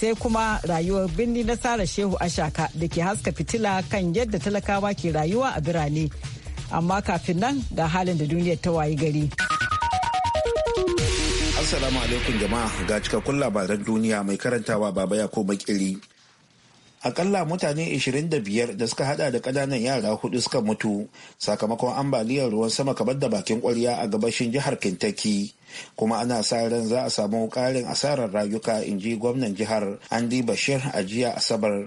sai kuma rayuwar birni na Sara Shehu Ashaka da ke haska fitila kan yadda talakawa ke rayuwa a birane. Amma kafin nan ga halin da duniyar ta wayi gari. Assalamu alaikum jama'a ga cikakkun labaran duniya mai karantawa baba ya ko makiri. akalla mutane 25 da suka hada da kananan yara hudu suka mutu sakamakon ambaliyar ruwan sama kamar da bakin kwarya a gabashin jihar kentucky kuma ana sa ran za a samu karin asarar rayuka in ji gwamnan jihar andy bashir a jiya asabar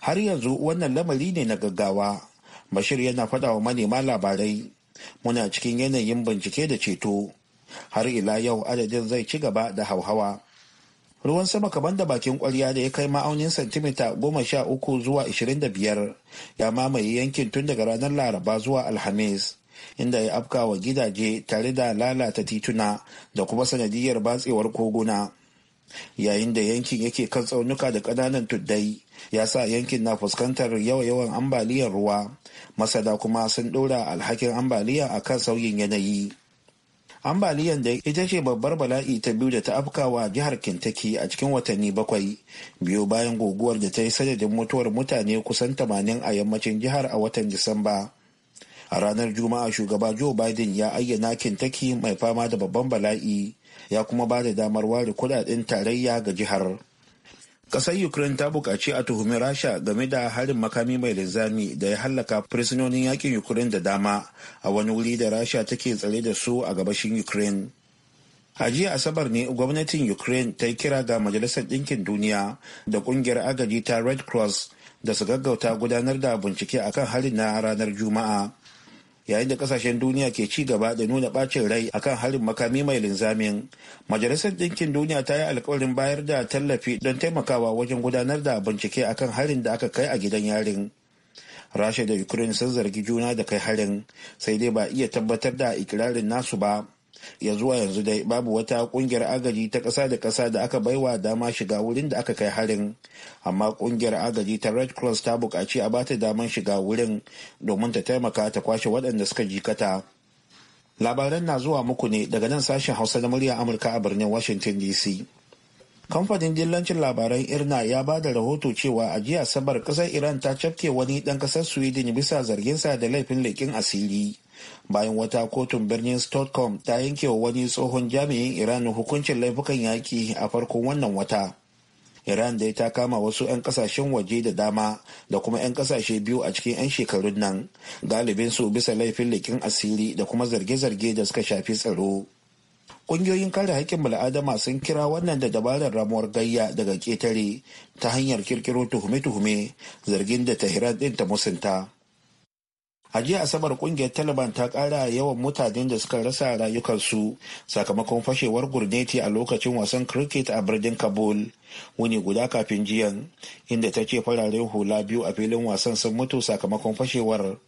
har yanzu wannan lamari ne na gaggawa bashir yana faɗawa wa manema labarai muna cikin yanayin bincike da ceto har ila yau adadin zai ci gaba da hauhawa ruwan sama kamar da bakin kwarya da ya kai ma'aunin santimita goma sha uku zuwa ishirin da biyar ya mamaye yankin tun daga ranar laraba zuwa alhamis inda ya afka wa gidaje tare da lalata tituna da kuma sanadiyar batsewar koguna yayin da yankin yake kan tsaunuka da ƙananan tuddai ya sa yankin na fuskantar yawa-yawan ambaliyar ruwa masada kuma sun ɗora alhakin ambaliya akan sauyin yanayi ambaliyan da ita ce babbar bala'i ta biyu da ta afka wa jihar kentucky a cikin watanni bakwai biyu bayan guguwar da ta yi sadadin mutuwar mutane kusan 80 a yammacin jihar a watan disamba a ranar juma'a shugaba joe biden ya ayyana kentucky mai fama da babban bala'i ya kuma ba da damar ware kudaden tarayya ga jihar Ƙasar Ukraine ta buƙaci a tuhumi Rasha game da harin makami mai linzami da ya hallaka fursunonin yakin Ukraine da dama a wani wuri da Rasha take tsare da su a gabashin Ukraine. A jiya Asabar ne gwamnatin Ukraine ta yi kira ga Majalisar Ɗinkin Duniya da ƙungiyar agaji ta Red Cross da su gaggauta gudanar da bincike akan harin na ranar Juma'a. yayin da kasashen duniya ke ci gaba da nuna bacin rai akan harin makami mai linzamin majalisar ɗinkin duniya ta yi alkawarin bayar da tallafi don taimakawa wajen gudanar da bincike akan harin da aka kai a gidan yarin rasha da ukraine sun zargi juna da kai harin sai dai ba iya tabbatar da ikirarin nasu ba ya zuwa yanzu dai babu wata kungiyar agaji ta ƙasa da ƙasa da aka baiwa dama shiga wurin da aka kai harin amma kungiyar agaji ta red cross ta buƙaci a bata daman shiga wurin domin ta taimaka ta kwashe waɗanda suka jikata labaran na zuwa muku ne daga nan sashen hausa na murya amurka a birnin washington dc kamfanin dillancin labaran irna ya ba da rahoto cewa a jiya sabar kasar iran ta cafke wani dan kasar sweden bisa zargin sa da laifin leƙin asiri bayan wata kotun birnin stockholm ta yanke wa wani tsohon jami'in iran hukuncin laifukan yaƙi a farkon wannan wata iran dai ta kama wasu 'yan kasashen waje da dama da kuma 'yan kasashe biyu a cikin 'yan shekarun nan galibin su bisa laifin likin asiri da kuma zarge-zarge da suka shafi tsaro Ƙungiyoyin kare haƙƙin bala'adama sun kira wannan da dabarar ramuwar gayya daga ƙetare ta hanyar kirkiro tuhume-tuhume zargin da tahiran ɗin ta musunta. A jiya Asabar kungiyar Taliban ta ƙara yawan mutanen da suka rasa rayukansu sakamakon fashewar gurneti a lokacin wasan cricket a birnin Kabul. Wuni guda kafin jiyan, inda ta ce fararen hula biyu a filin wasan sun mutu sakamakon fashewar.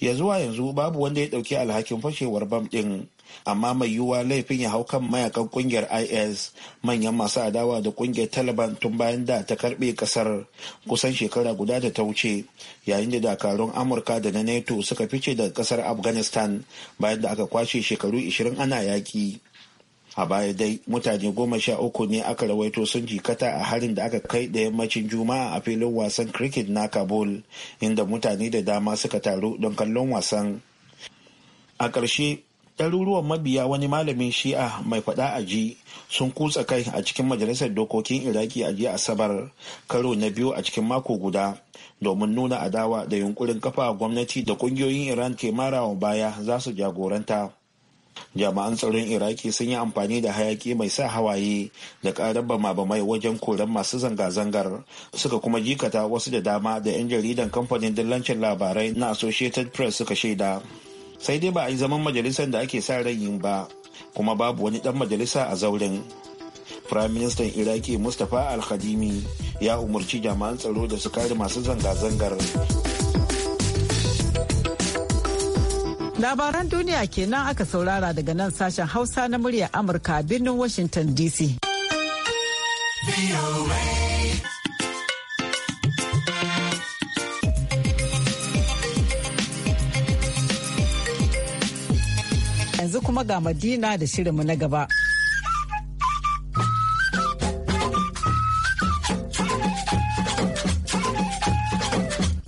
Ya zuwa yanzu babu wanda ya ɗauki alhakin fashewar bam ɗin. amma mai yiwuwa laifin ya hau kan mayakan kungiyar is manyan masu adawa da kungiyar taliban tun bayan da ta karbe kasar kusan shekara guda da ta wuce yayin da dakarun amurka da na nato suka fice daga kasar afghanistan bayan da aka kwashe shekaru 20 ana yaki a baya dai mutane goma sha uku ne aka rawaito sun jikata a harin da aka kai da yammacin juma'a a filin wasan cricket na kabul inda mutane da dama suka taru don kallon wasan a ƙarshe ɗaruruwan mabiya wani malamin shi'a mai faɗa a ji sun kutsa kai a cikin majalisar dokokin iraki a jiya asabar karo na biyu a cikin mako guda domin nuna adawa da yunkurin kafa gwamnati da ƙungiyoyin iran ke marawa baya za su jagoranta jami'an tsaron iraki sun yi amfani da hayaki mai sa hawaye da karar bama-bamai wajen koran masu zanga-zangar suka kuma jikata wasu da dama da 'yan jaridan kamfanin dillancin labarai na associated press suka shaida sai dai ba a yi zaman majalisar da ake sa ran yin ba kuma babu wani dan majalisa a zauren firaministan iraki mustapha al ya umarci jami'an tsaro da su kare masu zanga-zangar labaran duniya kenan aka saurara daga nan sashen hausa na muryar amurka birnin washington dc yanzu kuma ga Madina da shirinmu na gaba.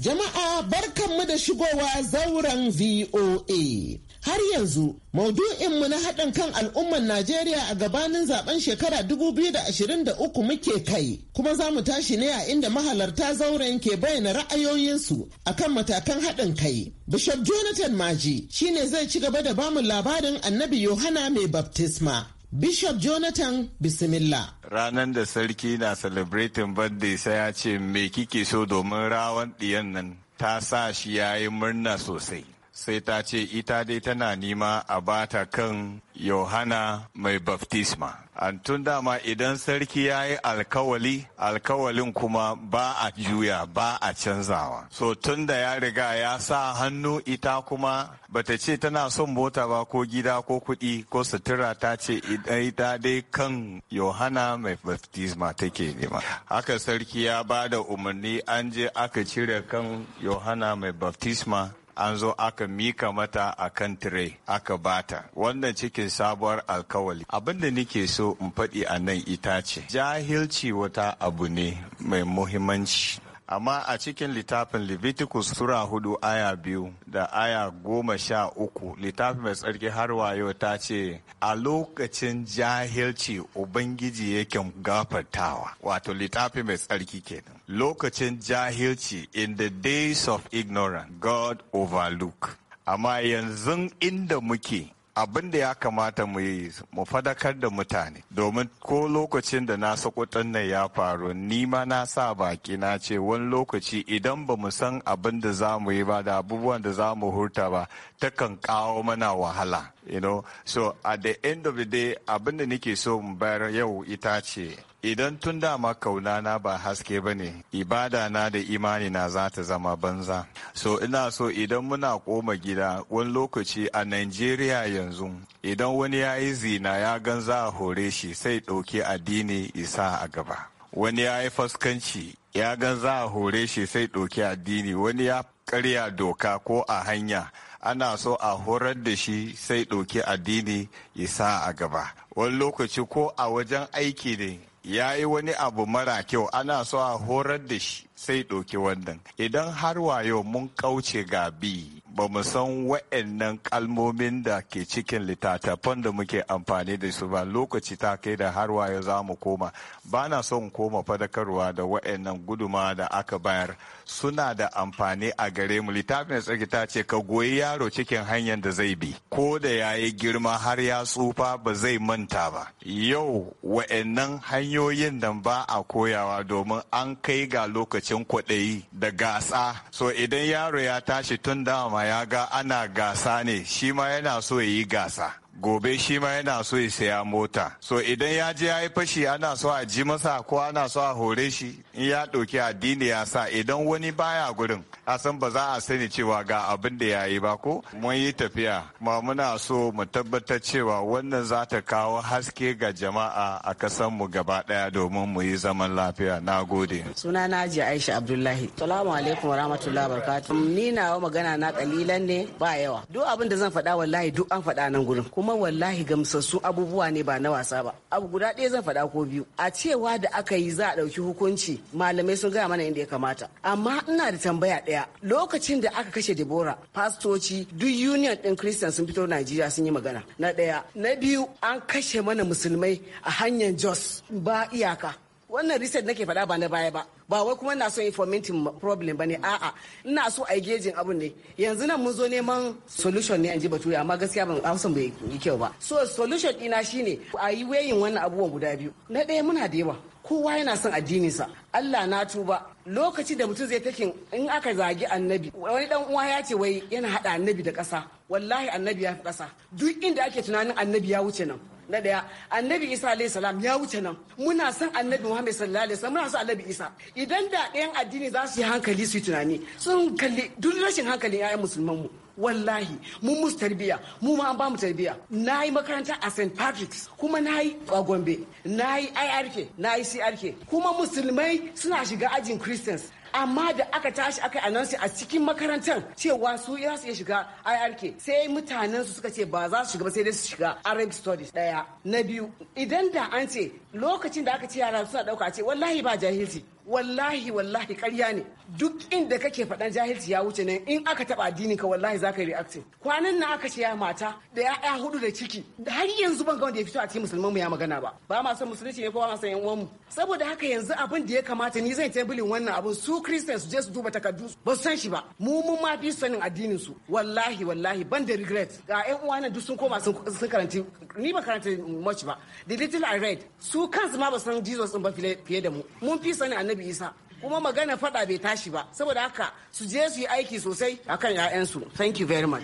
Jama'a barkanmu da shigowa zauren VOA. har yanzu maudu-in-mu na haɗin kan al'ummar najeriya a gabanin zaben shekara 2023 muke kai kuma za mu tashi ne a inda mahalarta zauren ke bayyana ra'ayoyinsu a kan matakan haɗin kai bishop jonathan maji shine zai ci gaba da bamu labarin annabi yohana mai baptisma Bishop Jonathan Bismillah. Ranar da sarki na celebrating birthday sai ya ce me kike so domin rawan ɗiyan nan ta sa shi yayi murna sosai. sai ta ce ita dai tana nima a bata kan yohana mai baftisma an tun dama idan sarki ya yi alkawali alkawalin kuma ba a juya ba a canzawa so tun da ya riga ya sa hannu ita kuma bata ce tana son mota ba ko gida ko kuɗi ko sutura ta ce ita dai kan yohana mai baftisma take nema haka sarki ya ba da umarni an je aka cire kan yohana mai baftisma. an zo aka mika mata a kan tire aka bata wannan cikin sabuwar alkawali abin da nake so in faɗi a nan ita ce jahilci wata abu ne mai muhimmanci amma a cikin littafin Leviticus Sura hudu aya biyu da aya goma sha uku littafin mai tsarki har wayo ta ce a lokacin jahilci Ubangiji yake gafartawa wato littafin mai tsarki kenan lokacin jahilci in the days of ignorance God overlook. Amma yanzu inda muke abin da ya kamata mu yi mu fadakar da mutane domin ko lokacin da na sakwatan nan ya faru ni ma na sa baki na ce wani lokaci idan ba mu san abin da za mu yi ba da abubuwan da za mu hurta ba takan kawo mana wahala you know so at the end of the day abin da nake so mu bayar yau ita ce idan tun dama kauna na ba haske ba ne ibada na da imani na za ta zama banza so ina so idan muna koma gida wani lokaci a nigeria yanzu idan wani ya yi zina ya gan za a hore shi sai ɗauki addini isa a gaba wani ya yi faskanci ya gan za a hore shi sai ɗauki addini wani ya karya doka ko a hanya ana so a horar da shi sai ɗauki addini ya sa a gaba wani lokaci ko a wajen aiki ne ya yi wani abu mara kyau ana so a horar da shi sai ɗauki wannan idan har wayo mun kauce ga bi ba mu san wa'annan kalmomin da ke cikin littattafan da muke amfani da su ba lokaci ta kai da har wayo za mu koma ba na son koma fadakarwa da wa'annan guduma da aka bayar suna da amfani a gare mu littafin tsarki ta ce ka goyi yaro cikin hanyar da zai bi ko da ya yi girma har ya tsufa ba zai manta ba yau wa'annan hanyoyin da ba a koyawa domin an kai ga lokacin kwaɗayi da gasa so idan yaro ya tashi tun dama ya ga ana gasa ne shi ma yana so ya yi gasa gobe shi ma yana so ya saya mota so idan ya je ya yi fashi ana so a ji masa ko ana so a hore shi in ya ɗauki addini ya sa idan wani baya gurin a san ba za a sani cewa ga abin da ya yi ba ko mun yi tafiya ma muna so mu tabbatar cewa wannan za ta kawo haske ga jama'a a kasan mu gaba ɗaya domin mu yi zaman lafiya na gode suna na ji aisha abdullahi salamu alaikum warahmatullahi wabarakatuh ni na magana na kalilan ne ba yawa duk abin da zan faɗa wallahi duk an faɗa nan gurin kuma wallahi gamsassu abubuwa ne ba na wasa ba abu guda ɗaya zan faɗa ko biyu a cewa da aka yi za a ɗauki hukunci malamai sun gaya mana inda ya kamata amma ina da tambaya ɗaya lokacin da aka kashe debora pastoci duk union ɗin christian sun fito najeriya sun yi magana na ɗaya na biyu an kashe mana musulmai a hanyar jos ba iyaka wannan research nake faɗa ba na baya ba ba wai kuma na so informatin problem problem ne. a'a ina so a gejin abu ne yanzu nan mun zo neman solution ne ji bature amma gaskiya ban hausan bai yi kyau ba so solution dina shine a yi wayin wannan abubuwan guda biyu na ɗaya muna da yawa kowa yana son sa Allah na tuba lokaci da mutum zai takin in aka zagi annabi wani dan uwa ya ce wai yana hada annabi da ƙasa wallahi annabi ya fi ƙasa duk inda ake tunanin annabi ya wuce nan na daya annabi isa alayhi salam ya wuce nan muna son annabi muhammad sallallahu alaihi wasallam muna son annabi isa idan da ɗayan addini za su yi hankali su yi tunani sun kalli duk rashin hankalin 'ya'yan musulman mu wallahi mun musu tarbiya mu ma an bamu tarbiya na yi makaranta a st patrick's kuma na yi a gombe na yi irk na yi crk kuma musulmai suna shiga ajin christians amma da aka tashi aka anansi a cikin makarantar cewa su ya su shiga IRK sai mutanen su suka ce ba za su shiga ba sai dai su shiga arab studies daya na biyu idan da an ce lokacin da aka ce yara suna dauka a ce wallahi ba jahilci wallahi wallahi karya ne duk inda kake faɗan jahilci ya wuce ne in aka taɓa addinin ka wallahi zaka yi reaction kwanan nan aka ce ya mata da ya'ya hudu da ciki har yanzu ban ga wanda ya fito a cikin musulman mu ya magana ba ba ma son musulunci ne ko ba ma son yan mu saboda haka yanzu abin da ya kamata ni zan tabbili wannan abin su christians su je su duba takardu ba su san shi ba mu mun ma fi sanin addinin su wallahi wallahi ban da regret ga yan uwa na duk sun koma sun karanti ni ba karanta much ba the little i read su kansu ma ba san jesus din ba fiye da mu mun fi sanin annabi annabi isa kuma magana fada bai tashi ba saboda haka su je su yi aiki sosai akan ya'yansu thank you very much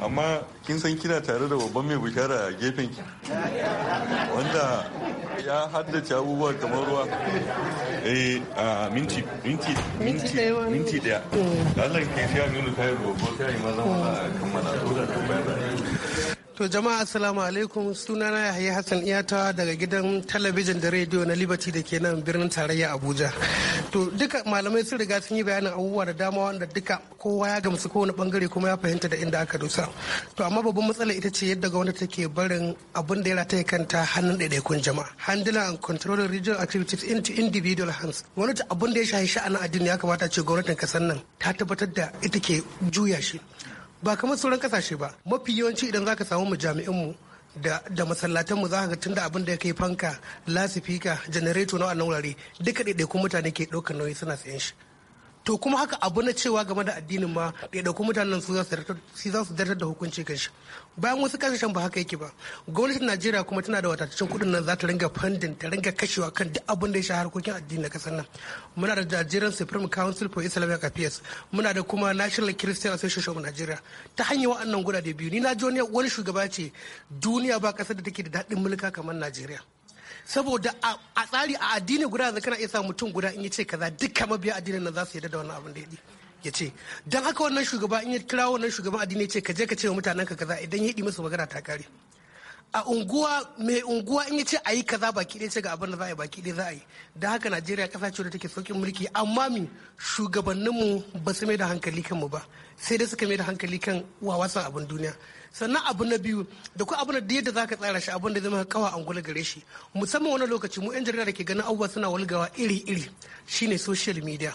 amma kin san kina tare da babban mai bishara a gefen ki wanda ya haddace abubuwa kamar ruwa eh a minti minti minti minti daya Allah kai shi aminu tayar gobe ta yi maza maza kammala to da tambayar To jama'a assalamu alaikum sunana Yahaya Hassan Iyata daga gidan talabijin da rediyo na Liberty da ke nan birnin tarayya Abuja. To duka malamai sun riga sun yi bayanin abubuwa da dama wanda duka kowa ya gamsu kowane bangare kuma ya fahimta da inda aka dosa. To amma babban matsala ita ce yadda gwamnati take barin abin da ya rataye kanta hannun ɗaiɗaikun jama'a. Handling and controlling regional activities into individual hands. Wani abin da ya shahi sha'anin addini ya kamata ce gwamnatin kasar nan ta tabbatar da ita ke juya shi. ba kamar sauran kasashe ba mafi yawanci idan zaka samu mu jami'inmu da da masallatanmu za ka tun abin da ya kai fanka lasifika janareto na wannan wurare duka ɗaiɗaikun mutane ke ɗaukar nauyi suna sayan shi to kuma haka abu na cewa game da addinin ma dauko mutanen su za su zartar da hukunci kan shi bayan wasu kasashen ba haka yake ba gwamnatin najeriya kuma tana da wataccen kuɗin nan za ta ringa fandin ta ringa kashewa kan duk abin da ya sha harkokin addini na kasar nan muna da Nigerian Supreme Council for Islamic Affairs muna da kuma National Christian Association of Nigeria ta hanyar waɗannan guda biyu ni na ji wani shugaba ce duniya ba ƙasar da take da daɗin mulka kamar Najeriya. saboda a tsari a addini guda yanzu kana iya sa mutum guda in ya ce kaza duka mabiya addinin nan za su yarda da wannan abin da ya ya ce don haka wannan shugaba in ya kira wannan shugaban addini ya ce ka je ka ce wa mutanen ka kaza idan ya yi masa magana ta kare a unguwa mai unguwa in ya ce a yi kaza baki ɗaya ce ga abin da za a yi baki ɗaya za a yi da haka najeriya ƙasa ce da take saukin mulki amma mi shugabanninmu ba su mai da hankali kanmu ba sai dai suka mai da hankali kan wawasan abin duniya sannan abu na biyu da kuma abu na da yadda zaka tsara shi abin da zama kawa an gula gare shi musamman wani lokaci mu yan jarida da ke ganin abubuwa suna walgawa iri-iri shine social media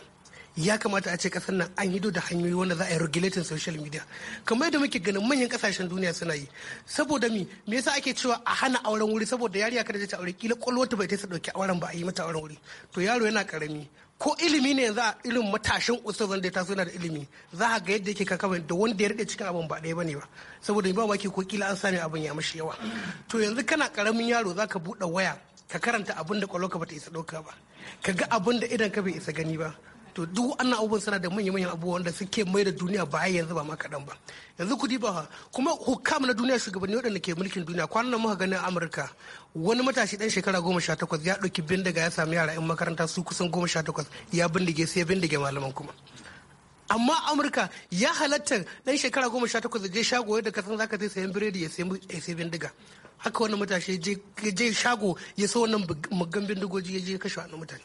ya kamata a ce kasar nan an hido da hanyoyi wanda za a yi regulating social media kamar yadda muke ganin manyan kasashen duniya suna yi saboda mi me yasa ake cewa a hana auren wuri saboda yariya kada ta aure kila kwalwata bai ta dauki auren ba a yi mata auren wuri to yaro yana karami ko ilimi ne yanzu a irin matashin ustazan da ta na da ilimi za ga yadda yake kakamin da wanda ya rike cikin abin ba ɗaya bane ba saboda ba maki ko kila an sami abin ya mashi yawa to yanzu kana karamin yaro za ka buɗe waya ka karanta abin da kwalwarka ba ta isa ɗauka ba ka ga abin da idan ka bai isa gani ba to duk wannan abubuwan suna da manya-manyan abubuwan da suke mai da duniya ba yanzu ba ma kaɗan ba yanzu kudi ba kuma hukam na duniya shugabanni waɗanda ke mulkin duniya kwanan nan muka gani amurka wani matashi ɗan shekara goma sha takwas ya ɗauki bindiga ya sami yara 'yan makaranta su kusan goma sha takwas ya bindige sai ya bindige malaman kuma amma amurka ya halatta ɗan shekara goma sha takwas je shago yadda kasan zaka sai sayan biredi ya sai bindiga haka wani matashi je shago ya sa wannan muggan bindigoji ya je kashe wani mutane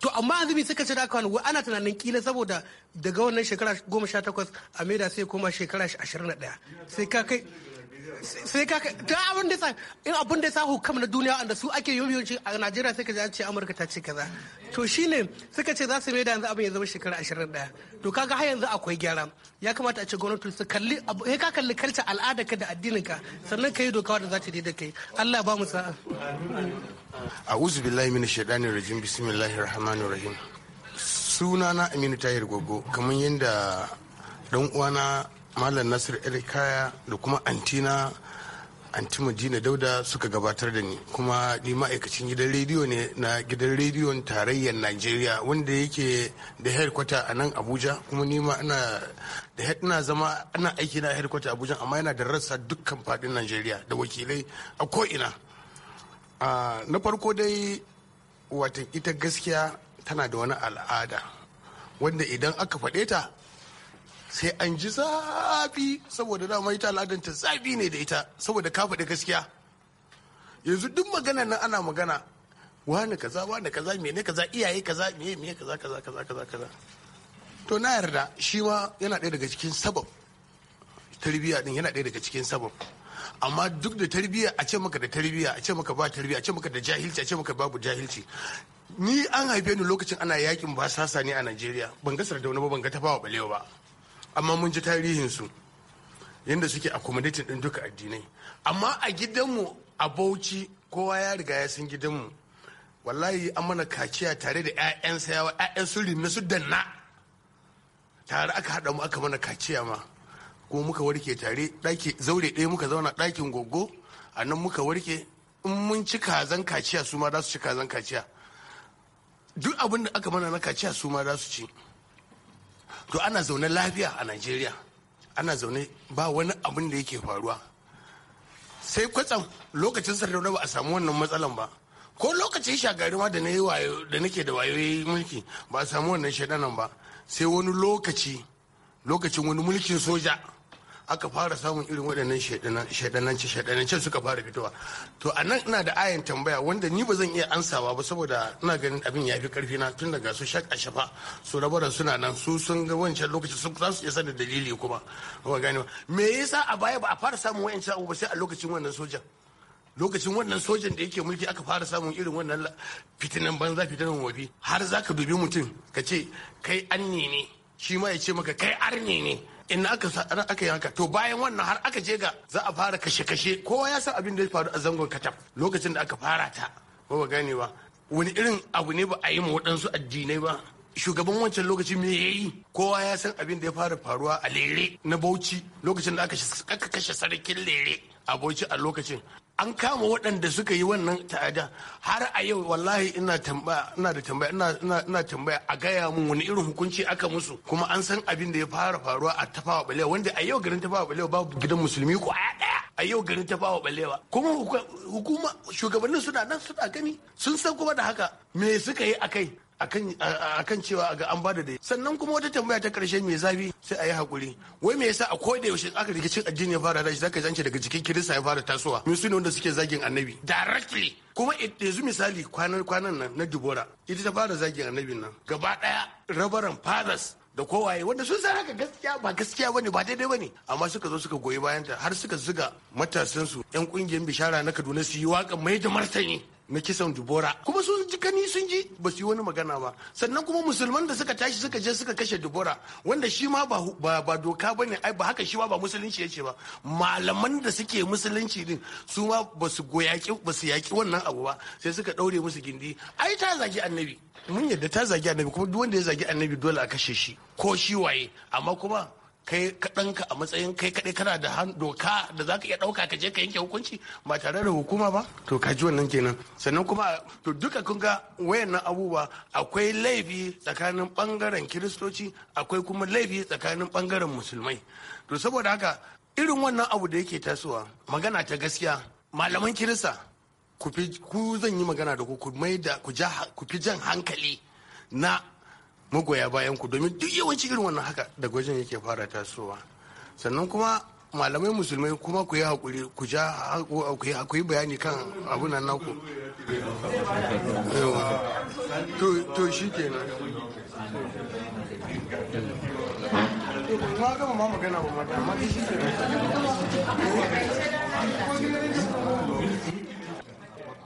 to amma yanzu suka ce da aka wani ana tunanin kila saboda daga wannan shekara goma sha takwas a maida sai koma shekara ashirin da ɗaya sai ka kai sai ka ta abin da in abin da ya sahu kam na duniya wanda su ake yoyonci a Najeriya sai ka ji an ce Amurka ta ce kaza to shine suka ce za su mai da yanzu abin ya zama shekara 21 to kaga har yanzu akwai gyara ya kamata a ce gwamnati su kalli sai ka kalli kalta al'ada ka da addinin ka sannan ka yi doka wanda za ta da kai Allah ba mu sa'a a'udhu billahi minash shaitanir rajim bismillahir rahmanir rahim sunana Aminu Tahir Gogo kamar yadda dan uwana malam nasir erikaya da kuma antina anti madina dauda suka gabatar da ni kuma ni ma'aikacin gidan rediyo ne na gidan rediyon tarayyar najeriya wanda yake da headquarter a nan abuja kuma ni ma ana da head na zama ana aiki na headquarter abuja amma yana da rassa dukkan fadin najeriya da wakilai a ko'ina na farko dai watan ita gaskiya tana da wani al'ada wanda idan aka faɗe ta sai an ji zafi saboda dama ita al'adanta zafi ne da ita saboda ka faɗi gaskiya yanzu duk magana nan ana magana wani kaza wani kaza ne kaza iyaye kaza me meye kaza kaza kaza kaza kaza to na yarda shi ma yana ɗaya daga cikin sabab tarbiyya din yana ɗaya daga cikin sabab amma duk da tarbiyya a ce maka da tarbiyya a ce maka ba tarbiyya a ce maka da jahilci a ce maka babu jahilci ni an haife ni lokacin ana yakin basasa ne a Najeriya ban ga wani ba ban ga tafawa balewa ba amma mun ji tarihin su yadda suke accommodating din duka addinai amma a gidanmu a bauchi kowa ya riga ya san gidanmu wallahi an mana kaciya tare da 'ya'yan sayawa 'ya'yan su rinna su danna tare aka haɗa mu aka mana kaciya ma ko muka warke tare ɗaki zaure ɗaya muka zauna ɗakin goggo a nan muka warke in mun ci kazan kaciya su ma za su ci kazan kaciya duk abin da aka mana na kaciya su ma za su ci to ana zaune lafiya a najeriya ana zaune ba wani abin da yake faruwa sai kwatsam lokacin sardauna ba a samu wannan matsalan ba ko lokacin shagari ma da na da nake da wayoyi mulki ba a samu wannan shaidanan ba sai wani lokaci lokacin wani mulkin soja aka fara samun irin waɗannan shaidanance shaidanance suka fara fitowa to a nan ina da ayan tambaya wanda ni ba zan iya ansawa ba saboda ina ganin abin ya fi karfi na tun daga su shak shafa su rabara suna nan su sun ga wancan lokaci sun za su iya sanin dalili kuma ba gane me yasa a baya ba a fara samun wayancan abu ba sai a lokacin wannan sojan lokacin wannan sojan da yake mulki aka fara samun irin wannan fitinan banza fitinan wabi har za ka dubi mutum ka ce kai an ne shi ma ya ce maka kai arne ne in aka aka yi haka to bayan wannan har aka je ga za a fara kashe-kashe kowa ya san abin da ya faru a zangon katab lokacin da aka fara ta ba ba gane wani irin abu ne ba a yi ma waɗansu addinai ba shugaban wancan lokaci me ya yi kowa ya san abin da ya fara faruwa a lere na bauchi lokacin da aka kashe sarkin lere a bauchi a lokacin an kama waɗanda suka yi wannan ta'ada har a yau wallahi ina tambaya ina da tambaya ina tambaya a gaya mun wani irin hukunci aka musu kuma an san abin da ya fara faruwa a tafawa balewa wanda a yau garin tafawa balewa babu gidan musulmi ko a ɗaya a yau garin tafawa balewa kuma hukuma shugabannin suna nan suna gani sun san kuma da haka me suka yi akai akan cewa ga an bada da sannan kuma wata tambaya ta karshe mai zafi sai a yi hakuri wai me yasa a ko da yaushe aka rikicin addini ya fara tashi zaka zance daga jikin kirista ya fara tasowa mun su ne wanda suke zagin annabi directly kuma yanzu misali kwanan kwanan nan na dubora ita ta fara zagin annabin nan gaba daya rabaran fathers da kowaye wanda sun san haka gaskiya ba gaskiya bane ba daidai bane amma suka zo suka goyi bayanta har suka zuga matasansu yan kungiyar bishara na Kaduna su yi waka mai da martani na kisan dubora kuma sun ji kani sun ji ba su yi wani magana ba sannan kuma musulman da suka tashi suka je suka kashe dubora wanda shi ma ba doka ba ne ba haka shi ma ba musulunci ya ce ba malaman da suke musulunci din su ma ba su goyaki ba su yaki wannan abu ba sai suka daure musu gindi ai ta zagi annabi mun yadda ta zagi annabi kuma duk wanda ya zagi annabi dole a kashe shi ko shi waye amma kuma kai kaɗan ka a matsayin kai kaɗai kana da doka da za ka iya ɗauka ka je ka yanke hukunci ba tare da hukuma ba to ka ji wannan kenan sannan kuma to duka kun ga wayannan abubuwa akwai laifi tsakanin ɓangaren kiristoci akwai kuma laifi tsakanin ɓangaren musulmai to saboda haka irin wannan abu da yake tasowa magana ta gaskiya malaman kirista ku zan yi magana da ku ku da ku ku fi jan hankali na magoya bayan ku domin duk yawanci irin wannan haka daga wajen yake fara tasowa sannan kuma malamai musulmai kuma ku yi hakuri ku ja ku yi bayani kan abu nan naku to shi ke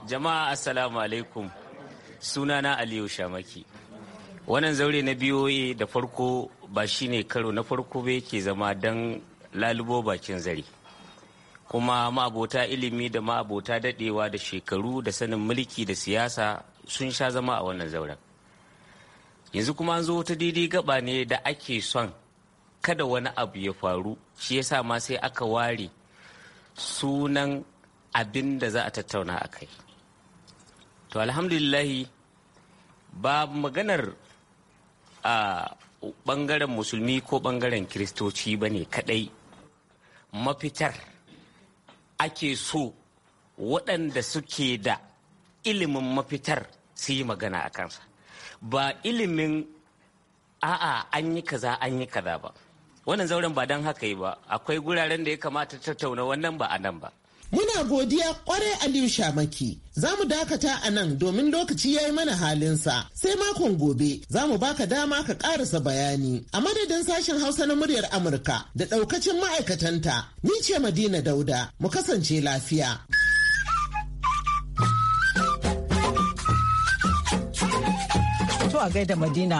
jama'a assalamu alaikum sunana aliyu shamaki wannan zaure na biyoyi da farko ba shi ne karo na farko bai ke zama don lalubo bakin zare kuma ma'abota ilimi da ma'abota dadewa da shekaru da sanin mulki da siyasa sun sha zama a wannan zauren yanzu kuma an zo ta daidai gaba ne da ake son kada wani abu ya faru shi yasa ma sai aka ware sunan abin da za a tattauna a kai to alhamdulillahi ba maganar a bangaren musulmi ko bangaren kiristoci ba ne kadai mafitar ake so waɗanda suke da ilimin mafitar su yi magana a kansa ba ilimin a'a an yi kaza an yi kaza ba wannan zauren ba don haka yi ba akwai guraren da ya kamata tattauna wannan ba a nan ba Muna godiya kwarai Aliyu Shamaki. Za mu dakata a nan domin lokaci ya yi mana halinsa. Sai makon gobe za mu baka dama ka karasa bayani. A madadin sashen Hausa na muryar Amurka da ɗaukacin ma'aikatanta, ni ce Madina Dauda, mu kasance lafiya. To a gaida Madina.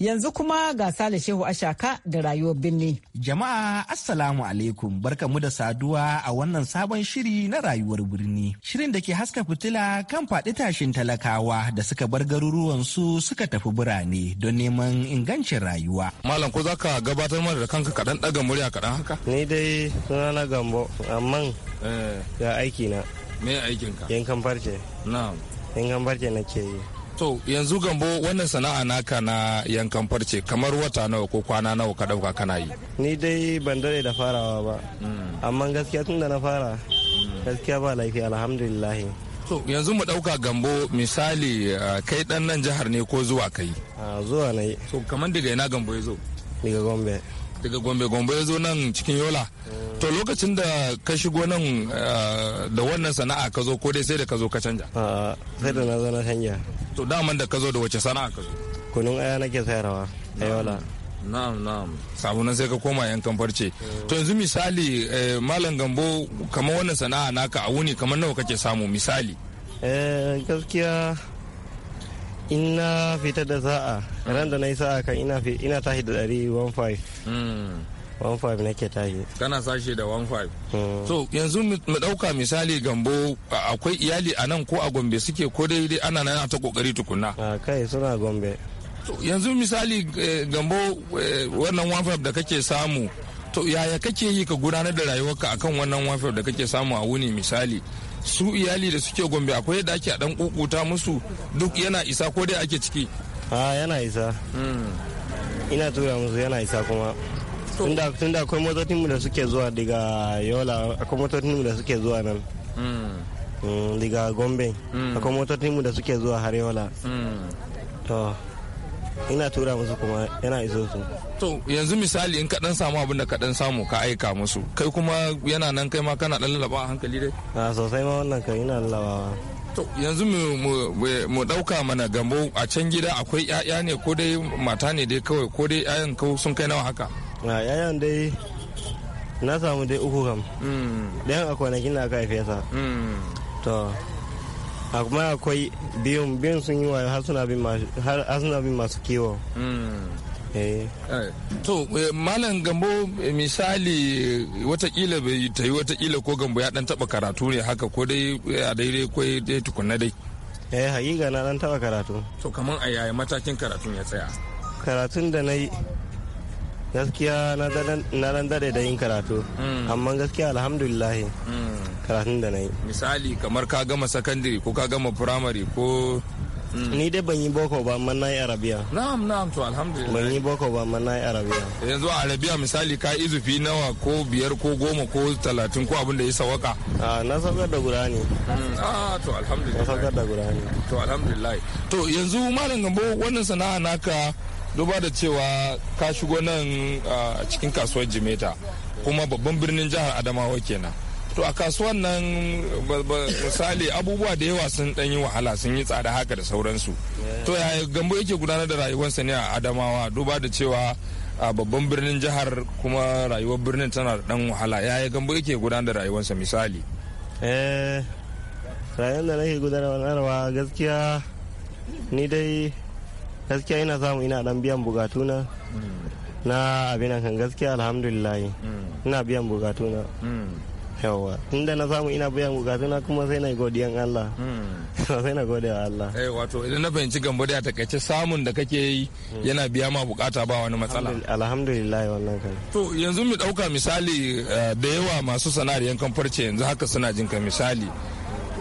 Yanzu kuma ga Sale Shehu Ashaka da rayuwar birni. Jama'a Assalamu alaikum barkamu da saduwa a wannan sabon shiri na rayuwar birni. Shirin da ke haska fitila kan faɗi tashin talakawa da suka bar garuruwan su suka tafi birane don neman ingancin rayuwa. Malam ko zaka gabatar mana da kanka kaɗan ɗaga murya kaɗan haka? Ni dai sunana Gambo amma eh. ga aiki na. Me aikin ka? Yankan farce. Na'am. Yankan farce nake yi. To yanzu gambo wannan sana'a naka na yankan farce kamar wata nawa ko kwana nawa ka dauka kana yi. Ni dai ban dare da farawa ba. Hmm. Amma gaskiya tun da na fara gaskiya ba laifi alhamdulillah. To yanzu mu dauka gambo misali kai dan nan jihar ne ko zuwa kai? zuwa na yi. To kamar daga ina gambo ya zo? Daga Gombe. Daga Gombe Gombe ya zo nan cikin Yola. Eh. to lokacin da ka shigo nan eh, da wannan sana'a ka zo ko dai sai da ka zo ka canja sai da na zo na canja to daman da ka zo da wace sana'a ka zo kunun aya nake sayarwa aiwala na'am na'am sabunan sai ka koma yankan farce to yanzu misali eh, malam gambo kamar wannan sana'a naka a wuni kamar nawa kake samu misali eh gaskiya ina fitar da sa'a ran da na yi sa'a kan ina tashi da 105 15 nake tashi kana sashe da 15 hmm. so yanzu mu dauka misali gambo akwai iyali a nan ko a gombe suke ko dai dai ana nan ta kokari tukunna kai suna gombe yanzu misali eh, gambo eh, wannan 15 da kake samu to yaya kake yi ka gudanar da rayuwarka akan wannan 15 da kake samu a wuni misali su iyali da suke gombe akwai yadda ake a dan kukuta musu duk yana isa ko dai ake ciki a yana isa hmm. ina tura musu yana isa kuma tunda akwai motocinmu da suke zuwa daga yola akwai motocinmu da suke zuwa nan hmm. Hmm, daga gombe hmm. akwai motocinmu da suke zuwa har yola to ina tura musu kuma yana iso su to yanzu misali in kaɗan samu abin da kaɗan samu ka aika musu kai kuma yana nan kai ma kana ɗan lalaba a hankali dai a sosai ma wannan kai ina lalabawa to yanzu mu ɗauka mana gambo a can gida akwai 'ya'ya ne ko dai mata ne dai kawai ko dai 'ya'yan sun kai nawa haka a yayan dai na samu dai uku kam mm. ɗayan a kwanakin na aka haife sa mm. to amma akwai biyun biyun sun yi wayo har suna bin masu kiwo mm. eh. to eh, malam gambo eh, misali watakila bai ta yi watakila ko gambo ya dan taba karatu ne haka ko dai a daidai ko dai tukunna dai eh hakika na dan taba karatu to kaman a yaya matakin karatun ya tsaya karatun da na yi gaskiya na dan dare da yin karatu hmm. amma gaskiya alhamdulillah hmm. karatun da na yi misali kamar ka gama sakandare ko ka gama firamare ko hmm. ni dai ban yi boko ba amma na yi arabiya na'am na'am to alhamdulillah ban yi boko ba amma na yi arabiya yanzu a arabiya misali ka izufi nawa ko biyar ko goma ko talatin ko abin da ya sawaka a na saukar da guda ne a to alhamdulillah na saukar da guda ne to alhamdulillah to yanzu malam gambo wannan sana'a naka duba da cewa ka shigo nan a cikin kasuwar jimeta kuma babban birnin jihar adamawa kenan to a kasuwan nan misali abubuwa da yawa sun ɗan yi wahala sun yi tsada haka da sauransu to ya gambo yake gudanar da rayuwarsa ne a adamawa duba da cewa a babban birnin jihar kuma rayuwar birnin tana da ɗan wahala ya yi gambo yake gudanar da rayuwarsa misali eh rayuwar da nake gudanarwa gaskiya ni dai gaskiya ina samu ina dan biyan bugatuna na abin kan gaskiya alhamdulillah mm. ina biyan bugatuna mm. yawa inda na samu ina biyan bugatuna kuma sai na godiyan Allah mm. sai na godiya Allah eh wato idan na fahimci gambo da kace samun da kake yi yana biya ma bukata ba wani matsala alhamdulillah wannan kan to yanzu mu dauka misali eh, da yawa masu sana'ar yan kamfarce yanzu haka suna jin ka misali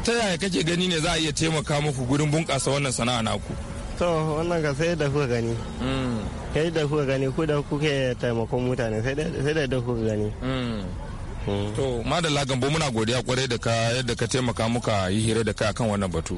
ta yaya kake gani ne za a iya taimaka muku gurin bunƙasa wannan sana'a naku to wannan ka sai da kuka gani kai mm. da kuka gani ku da kuke taimakon mutane sai da kuka gani mm. Mm. to madalla gambo muna godiya kwarai da ka yadda ka taimaka muka yi hira da kai akan wannan batu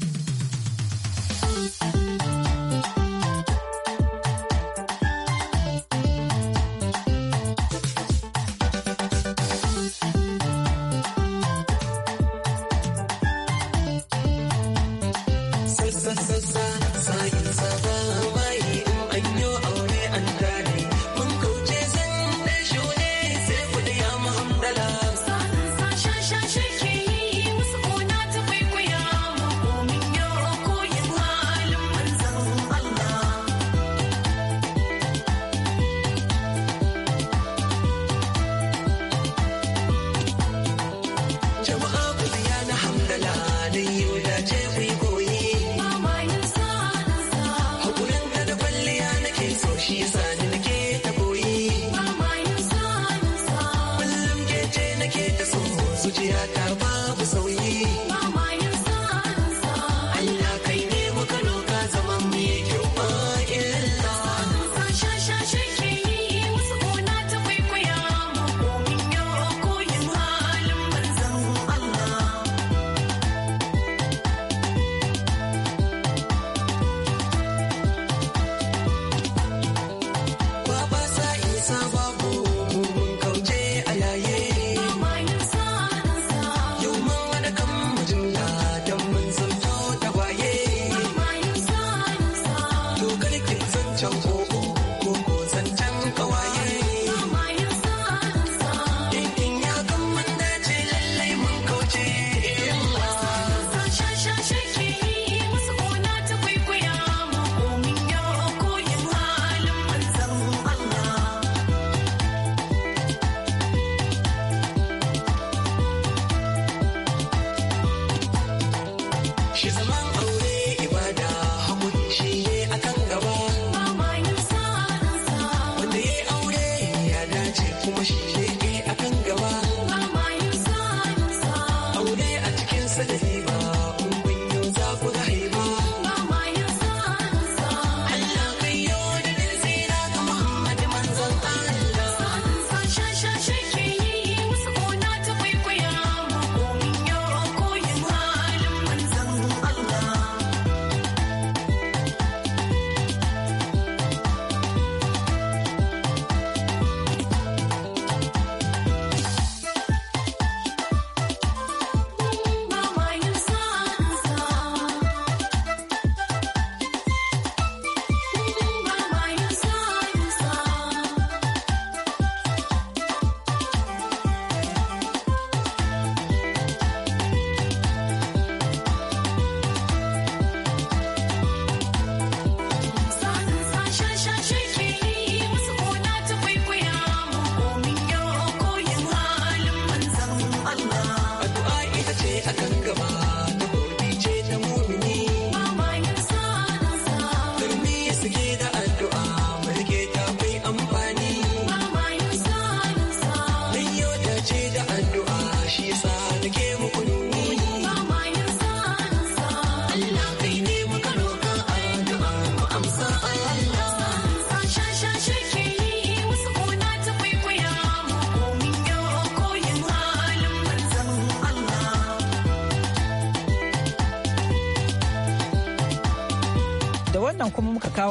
Jones.